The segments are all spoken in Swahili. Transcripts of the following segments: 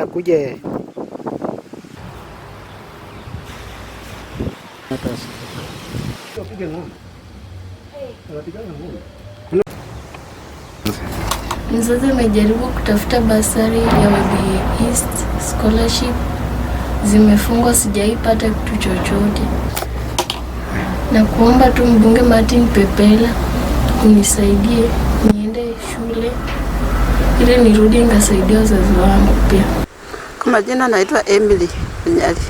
akuje akuje. Mzazi amejaribu kutafuta basari ya Webe East scholarship, zimefungwa, sijaipata kitu chochote, na kuomba tu mbunge Martin Pepela kunisaidie niende shule ili nirudi nikasaidia wazazi wangu pia majina naitwa Emily nyali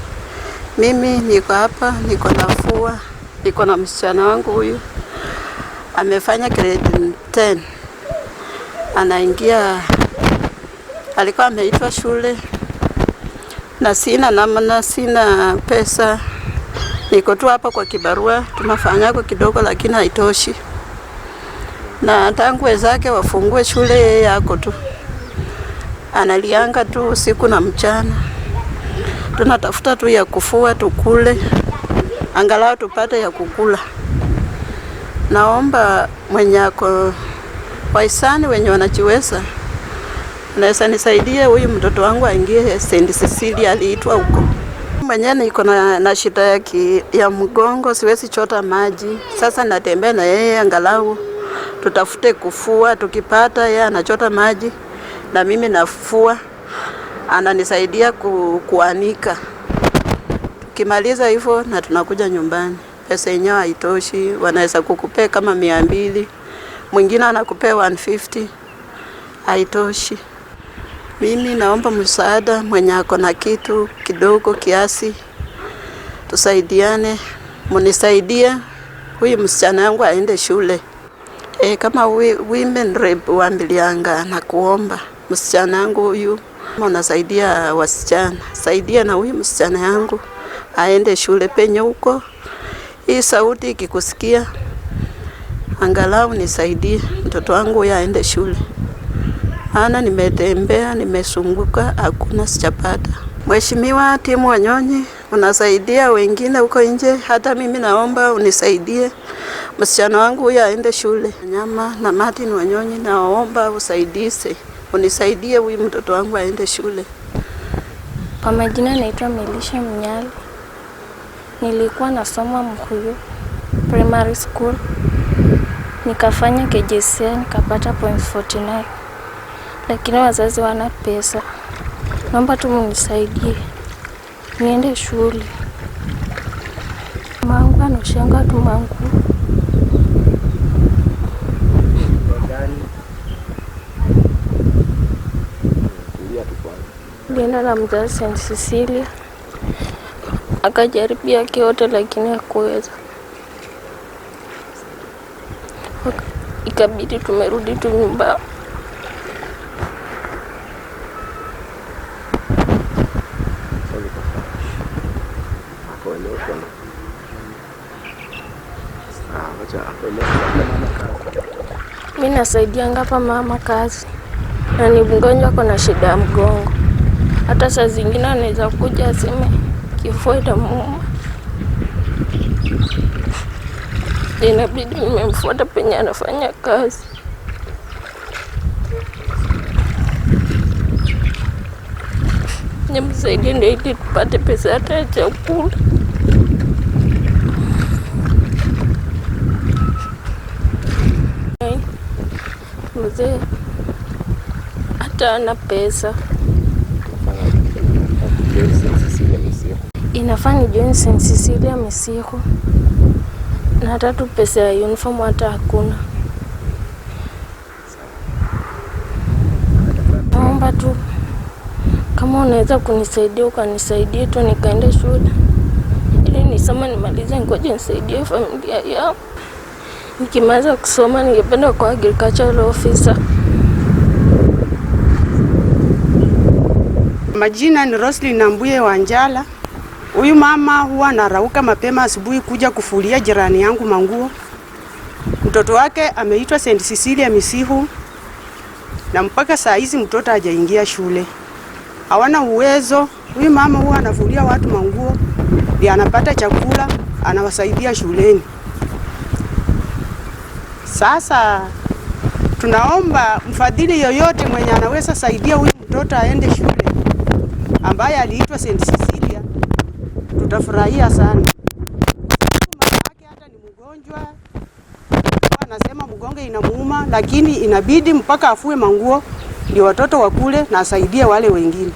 Mimi niko hapa, niko na fua niko na msichana wangu huyu amefanya grade 10. Anaingia, alikuwa ameitwa shule na sina namna, sina pesa, niko tu hapa kwa kibarua, kwa kidogo, lakini haitoshi, na tangu wenzake wafungue shule, yeye yako tu analianga tu usiku na mchana. Tunatafuta tu ya kufua tukule, angalau tupate ya kukula. Naomba mwenye ako waisani wenye wanachiweza naweza nisaidie huyu mtoto wangu aingie St. Cecilia aliitwa huko. Mwenye niko na, na shida ya, ya mgongo, siwezi chota maji. Sasa natembea na yeye angalau tutafute kufua, tukipata yeye anachota maji na mimi nafua, ananisaidia ku, kuanika. Tukimaliza hivyo na tunakuja nyumbani. Pesa yenyewe haitoshi, wanaweza kukupea kama mia mbili, mwingine anakupea 150 haitoshi. Mimi naomba msaada, mwenye ako na kitu kidogo kiasi, tusaidiane, munisaidie huyu msichana wangu aende shule. E, kama wimen rep wambilianga na kuomba msichana yangu huyu, unasaidia wasichana, saidia na huyu msichana yangu aende shule penye huko. Hii sauti ikikusikia, angalau nisaidie mtoto wangu huyu aende shule. Ana nimetembea, nimesunguka, hakuna sichapata. Mheshimiwa Timu Wanyonyi, unasaidia wengine huko nje, hata mimi naomba unisaidie msichana wangu huyu aende shule. Nyama na Martin Wanyonyi, naomba usaidize unisaidie huyu mtoto wangu aende shule. Kwa majina naitwa Melisha Mnyali, nilikuwa nasoma Mkuyu Primary School, nikafanya KJSEA nikapata point 49, lakini wazazi wana pesa. Naomba tu mnisaidie niende shule. Mangu anoshanga tu mangu jina la mzazi Saint Cecilia. Akajaribia kiote lakini hakuweza, ikabidi tumerudi tu nyumba. Mimi nasaidianga hapa mama kazi, na ni mgonjwa, kuna shida ya mgongo. Hata saa zingine anaweza kuja aseme kifua inamuuma, inabidi nimemfuata penye anafanya kazi. Nimsaidie ndio ili tupate pesa hata ya chakula. Mzee hata ana pesa Tafani Johnson Cecilia Misiku, na tatu pesa ya uniform hata hakuna. Naomba tu kama unaweza kunisaidia ukanisaidie tu nikaende shule ili nisoma nimalize, ngoja nisaidie familia yao. Nikimaliza kusoma ningependa kwa agricultural officer. Majina ni Roslyn Nambuye Wanjala. Huyu mama huwa anarauka mapema asubuhi kuja kufulia jirani yangu manguo. Mtoto wake ameitwa St. Cecilia Misihu na mpaka saa hizi mtoto hajaingia shule. Hawana uwezo. Huyu mama huwa anafulia watu manguo, ndiye anapata chakula, anawasaidia shuleni. Sasa tunaomba mfadhili yoyote mwenye anaweza saidia huyu mtoto aende shule ambaye aliitwa St. Cecilia utafurahia sana. Mama yake hata ni mgonjwa, anasema mgonge inamuuma, lakini inabidi mpaka afue manguo ndio watoto wakule na asaidie wale wengine.